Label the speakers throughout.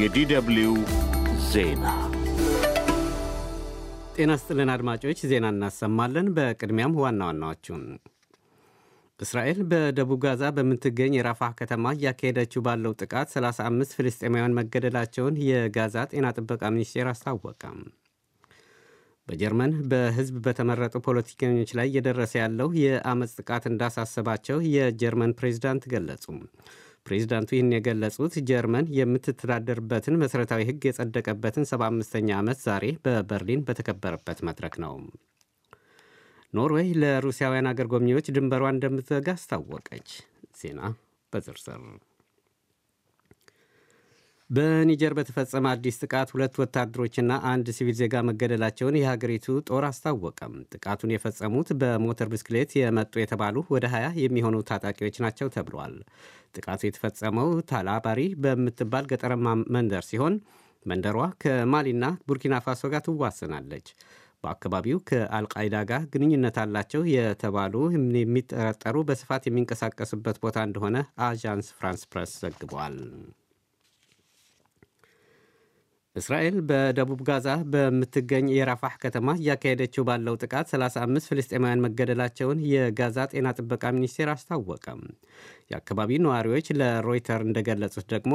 Speaker 1: የዲደብልዩ ዜና ጤና ስጥልን አድማጮች፣ ዜና እናሰማለን። በቅድሚያም ዋና ዋናዎቹን እስራኤል በደቡብ ጋዛ በምትገኝ የራፋ ከተማ እያካሄደችው ባለው ጥቃት 35 ፍልስጤማውያን መገደላቸውን የጋዛ ጤና ጥበቃ ሚኒስቴር አስታወቀ። በጀርመን በህዝብ በተመረጡ ፖለቲከኞች ላይ እየደረሰ ያለው የአመፅ ጥቃት እንዳሳሰባቸው የጀርመን ፕሬዚዳንት ገለጹ። ፕሬዚዳንቱ ይህን የገለጹት ጀርመን የምትተዳደርበትን መሠረታዊ ሕግ የጸደቀበትን 75ኛ ዓመት ዛሬ በበርሊን በተከበረበት መድረክ ነው። ኖርዌይ ለሩሲያውያን አገር ጎብኚዎች ድንበሯን እንደምትዘጋ አስታወቀች። ዜና በዝርዝር በኒጀር በተፈጸመ አዲስ ጥቃት ሁለት ወታደሮችና አንድ ሲቪል ዜጋ መገደላቸውን የሀገሪቱ ጦር አስታወቀም። ጥቃቱን የፈጸሙት በሞተር ብስክሌት የመጡ የተባሉ ወደ 20 የሚሆኑ ታጣቂዎች ናቸው ተብሏል። ጥቃቱ የተፈጸመው ታላባሪ በምትባል ገጠራማ መንደር ሲሆን መንደሯ ከማሊና ቡርኪና ፋሶ ጋር ትዋሰናለች። በአካባቢው ከአልቃይዳ ጋር ግንኙነት አላቸው የተባሉ የሚጠረጠሩ በስፋት የሚንቀሳቀሱበት ቦታ እንደሆነ አዣንስ ፍራንስ ፕረስ ዘግቧል። እስራኤል በደቡብ ጋዛ በምትገኝ የራፋህ ከተማ እያካሄደችው ባለው ጥቃት 35 ፍልስጤማውያን መገደላቸውን የጋዛ ጤና ጥበቃ ሚኒስቴር አስታወቀ። የአካባቢው ነዋሪዎች ለሮይተር እንደገለጹት ደግሞ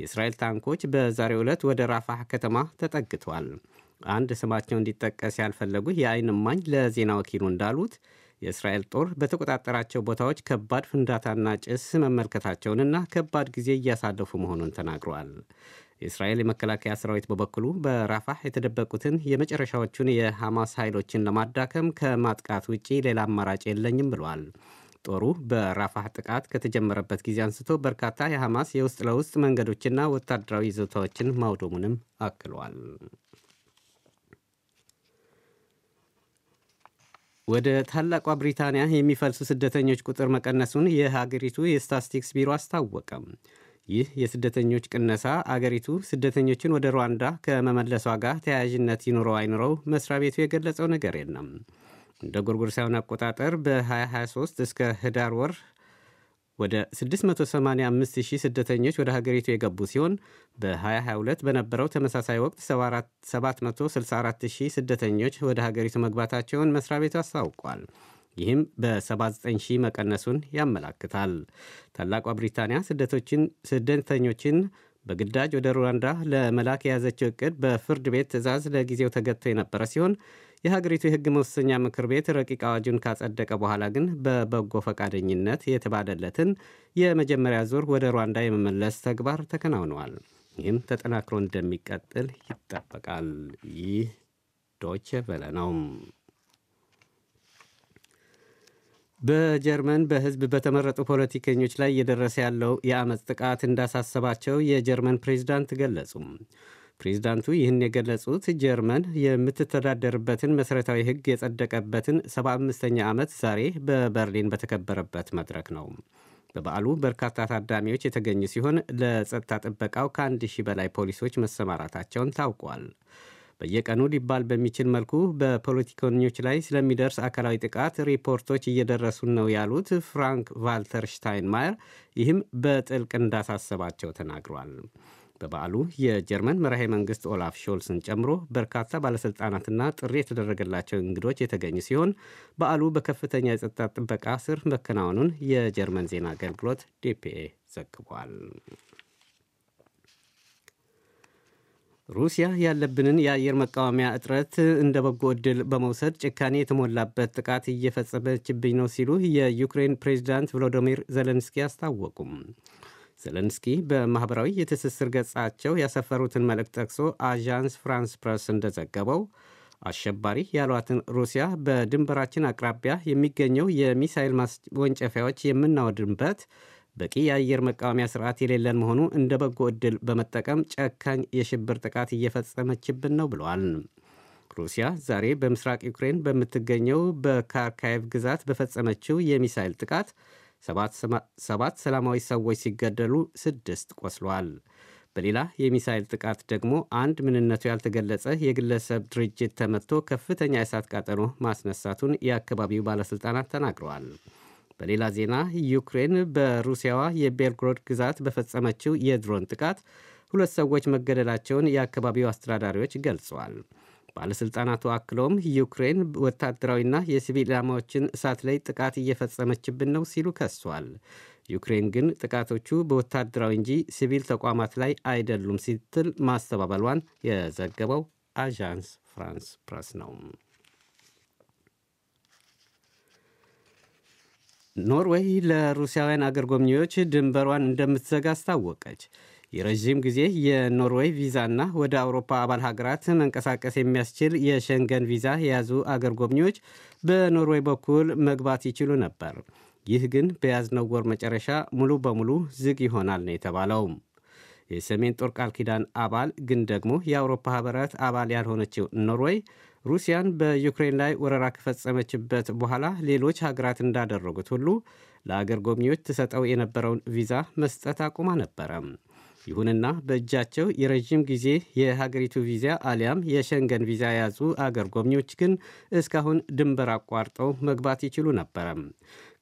Speaker 1: የእስራኤል ታንኮች በዛሬው ዕለት ወደ ራፋህ ከተማ ተጠግተዋል። አንድ ስማቸው እንዲጠቀስ ያልፈለጉ የአይን እማኝ ለዜና ወኪሉ እንዳሉት የእስራኤል ጦር በተቆጣጠራቸው ቦታዎች ከባድ ፍንዳታና ጭስ መመልከታቸውንና ከባድ ጊዜ እያሳለፉ መሆኑን ተናግረዋል። የእስራኤል የመከላከያ ሰራዊት በበኩሉ በራፋህ የተደበቁትን የመጨረሻዎቹን የሐማስ ኃይሎችን ለማዳከም ከማጥቃት ውጪ ሌላ አማራጭ የለኝም ብሏል። ጦሩ በራፋህ ጥቃት ከተጀመረበት ጊዜ አንስቶ በርካታ የሐማስ የውስጥ ለውስጥ መንገዶችና ወታደራዊ ይዞታዎችን ማውደሙንም አክሏል። ወደ ታላቋ ብሪታንያ የሚፈልሱ ስደተኞች ቁጥር መቀነሱን የሀገሪቱ የስታስቲክስ ቢሮ አስታወቀም። ይህ የስደተኞች ቅነሳ አገሪቱ ስደተኞችን ወደ ሩዋንዳ ከመመለሷ ጋር ተያያዥነት ይኑረው አይኑረው መስሪያ ቤቱ የገለጸው ነገር የለም። እንደ ጎርጎሮሳውያን አቆጣጠር በ 223 እስከ ህዳር ወር ወደ 685000 ስደተኞች ወደ ሀገሪቱ የገቡ ሲሆን በ 222 በነበረው ተመሳሳይ ወቅት 764000 ሺህ ስደተኞች ወደ ሀገሪቱ መግባታቸውን መስሪያ ቤቱ አስታውቋል። ይህም በ79 ሺህ መቀነሱን ያመላክታል። ታላቋ ብሪታንያ ስደተኞችን በግዳጅ ወደ ሩዋንዳ ለመላክ የያዘችው እቅድ በፍርድ ቤት ትዕዛዝ ለጊዜው ተገጥቶ የነበረ ሲሆን የሀገሪቱ የሕግ መወሰኛ ምክር ቤት ረቂቅ አዋጁን ካጸደቀ በኋላ ግን በበጎ ፈቃደኝነት የተባለለትን የመጀመሪያ ዙር ወደ ሩዋንዳ የመመለስ ተግባር ተከናውነዋል። ይህም ተጠናክሮ እንደሚቀጥል ይጠበቃል። ይህ ዶይቼ ቬለ ነው። በጀርመን በህዝብ በተመረጡ ፖለቲከኞች ላይ እየደረሰ ያለው የአመፅ ጥቃት እንዳሳሰባቸው የጀርመን ፕሬዝዳንት ገለጹ። ፕሬዝዳንቱ ይህን የገለጹት ጀርመን የምትተዳደርበትን መሠረታዊ ሕግ የጸደቀበትን 75ኛ ዓመት ዛሬ በበርሊን በተከበረበት መድረክ ነው። በበዓሉ በርካታ ታዳሚዎች የተገኙ ሲሆን ለጸጥታ ጥበቃው ከአንድ ሺህ በላይ ፖሊሶች መሰማራታቸውን ታውቋል። በየቀኑ ሊባል በሚችል መልኩ በፖለቲከኞች ላይ ስለሚደርስ አካላዊ ጥቃት ሪፖርቶች እየደረሱን ነው ያሉት ፍራንክ ቫልተር ሽታይንማየር ይህም በጥልቅ እንዳሳሰባቸው ተናግሯል። በበዓሉ የጀርመን መራሄ መንግስት ኦላፍ ሾልስን ጨምሮ በርካታ ባለሥልጣናትና ጥሪ የተደረገላቸው እንግዶች የተገኙ ሲሆን በዓሉ በከፍተኛ የጸጥታ ጥበቃ ስር መከናወኑን የጀርመን ዜና አገልግሎት ዲፒኤ ዘግቧል። ሩሲያ ያለብንን የአየር መቃወሚያ እጥረት እንደ በጎ ዕድል በመውሰድ ጭካኔ የተሞላበት ጥቃት እየፈጸመችብኝ ነው ሲሉ የዩክሬን ፕሬዚዳንት ቮሎዶሚር ዘለንስኪ አስታወቁም። ዘለንስኪ በማኅበራዊ የትስስር ገጻቸው ያሰፈሩትን መልእክት ጠቅሶ አዣንስ ፍራንስ ፕረስ እንደዘገበው አሸባሪ ያሏትን ሩሲያ በድንበራችን አቅራቢያ የሚገኘው የሚሳይል ማስወንጨፊያዎች የምናወድንበት በቂ የአየር መቃወሚያ ስርዓት የሌለን መሆኑ እንደ በጎ ዕድል በመጠቀም ጨካኝ የሽብር ጥቃት እየፈጸመችብን ነው ብለዋል። ሩሲያ ዛሬ በምስራቅ ዩክሬን በምትገኘው በካርካይቭ ግዛት በፈጸመችው የሚሳይል ጥቃት ሰባት ሰላማዊ ሰዎች ሲገደሉ ስድስት ቆስለዋል። በሌላ የሚሳይል ጥቃት ደግሞ አንድ ምንነቱ ያልተገለጸ የግለሰብ ድርጅት ተመትቶ ከፍተኛ የእሳት ቃጠሎ ማስነሳቱን የአካባቢው ባለሥልጣናት ተናግረዋል። በሌላ ዜና ዩክሬን በሩሲያዋ የቤልግሮድ ግዛት በፈጸመችው የድሮን ጥቃት ሁለት ሰዎች መገደላቸውን የአካባቢው አስተዳዳሪዎች ገልጸዋል። ባለሥልጣናቱ አክለውም ዩክሬን ወታደራዊና የሲቪል ኢላማዎችን እሳት ላይ ጥቃት እየፈጸመችብን ነው ሲሉ ከሷል። ዩክሬን ግን ጥቃቶቹ በወታደራዊ እንጂ ሲቪል ተቋማት ላይ አይደሉም ስትል ማስተባበሏን የዘገበው አዣንስ ፍራንስ ፕረስ ነው። ኖርዌይ ለሩሲያውያን አገር ጎብኚዎች ድንበሯን እንደምትዘጋ አስታወቀች። የረዥም ጊዜ የኖርዌይ ቪዛና ወደ አውሮፓ አባል ሀገራት መንቀሳቀስ የሚያስችል የሸንገን ቪዛ የያዙ አገር ጎብኚዎች በኖርዌይ በኩል መግባት ይችሉ ነበር። ይህ ግን በያዝነው ወር መጨረሻ ሙሉ በሙሉ ዝግ ይሆናል ነው የተባለው። የሰሜን ጦር ቃል ኪዳን አባል ግን ደግሞ የአውሮፓ ህብረት አባል ያልሆነችው ኖርዌይ ሩሲያን በዩክሬን ላይ ወረራ ከፈጸመችበት በኋላ ሌሎች ሀገራት እንዳደረጉት ሁሉ ለአገር ጎብኚዎች ትሰጠው የነበረውን ቪዛ መስጠት አቁማ ነበረ። ይሁንና በእጃቸው የረዥም ጊዜ የሀገሪቱ ቪዛ አሊያም የሸንገን ቪዛ የያዙ አገር ጎብኚዎች ግን እስካሁን ድንበር አቋርጠው መግባት ይችሉ ነበረ።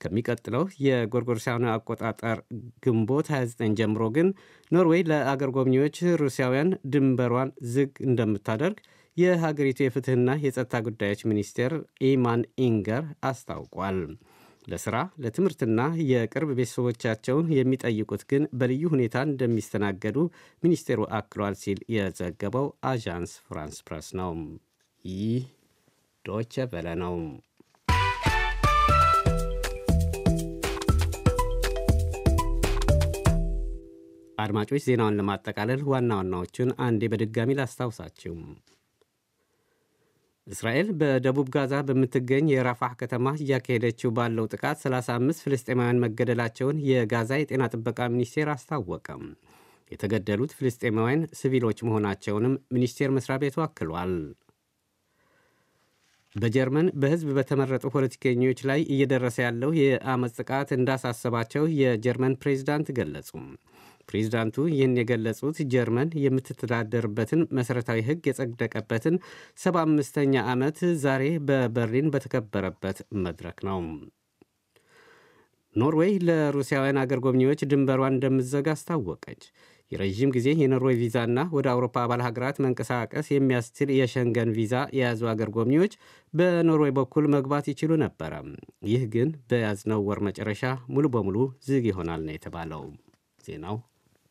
Speaker 1: ከሚቀጥለው የጎርጎርሳውያኑ አቆጣጠር ግንቦት 29 ጀምሮ ግን ኖርዌይ ለአገር ጎብኚዎች ሩሲያውያን ድንበሯን ዝግ እንደምታደርግ የሀገሪቱ የፍትህና የጸጥታ ጉዳዮች ሚኒስቴር ኢማን ኢንገር አስታውቋል። ለስራ ለትምህርትና የቅርብ ቤተሰቦቻቸውን የሚጠይቁት ግን በልዩ ሁኔታ እንደሚስተናገዱ ሚኒስቴሩ አክሏል ሲል የዘገበው አዣንስ ፍራንስ ፕረስ ነው። ይህ ዶቸ በለ ነው። አድማጮች ዜናውን ለማጠቃለል ዋና ዋናዎቹን አንዴ በድጋሚ ላስታውሳችሁ። እስራኤል በደቡብ ጋዛ በምትገኝ የራፋህ ከተማ እያካሄደችው ባለው ጥቃት 35 ፍልስጤማውያን መገደላቸውን የጋዛ የጤና ጥበቃ ሚኒስቴር አስታወቀም። የተገደሉት ፍልስጤማውያን ሲቪሎች መሆናቸውንም ሚኒስቴር መስሪያ ቤቱ አክሏል። በጀርመን በሕዝብ በተመረጡ ፖለቲከኞች ላይ እየደረሰ ያለው የአመፅ ጥቃት እንዳሳሰባቸው የጀርመን ፕሬዚዳንት ገለጹ። ፕሬዚዳንቱ ይህን የገለጹት ጀርመን የምትተዳደርበትን መሠረታዊ ሕግ የጸደቀበትን ሰባ አምስተኛ ዓመት ዛሬ በበርሊን በተከበረበት መድረክ ነው። ኖርዌይ ለሩሲያውያን አገር ጎብኚዎች ድንበሯን እንደምትዘጋ አስታወቀች። የረዥም ጊዜ የኖርዌይ ቪዛና ወደ አውሮፓ አባል ሀገራት መንቀሳቀስ የሚያስችል የሸንገን ቪዛ የያዙ አገር ጎብኚዎች በኖርዌይ በኩል መግባት ይችሉ ነበረ። ይህ ግን በያዝነው ወር መጨረሻ ሙሉ በሙሉ ዝግ ይሆናል ነው የተባለው። ዜናው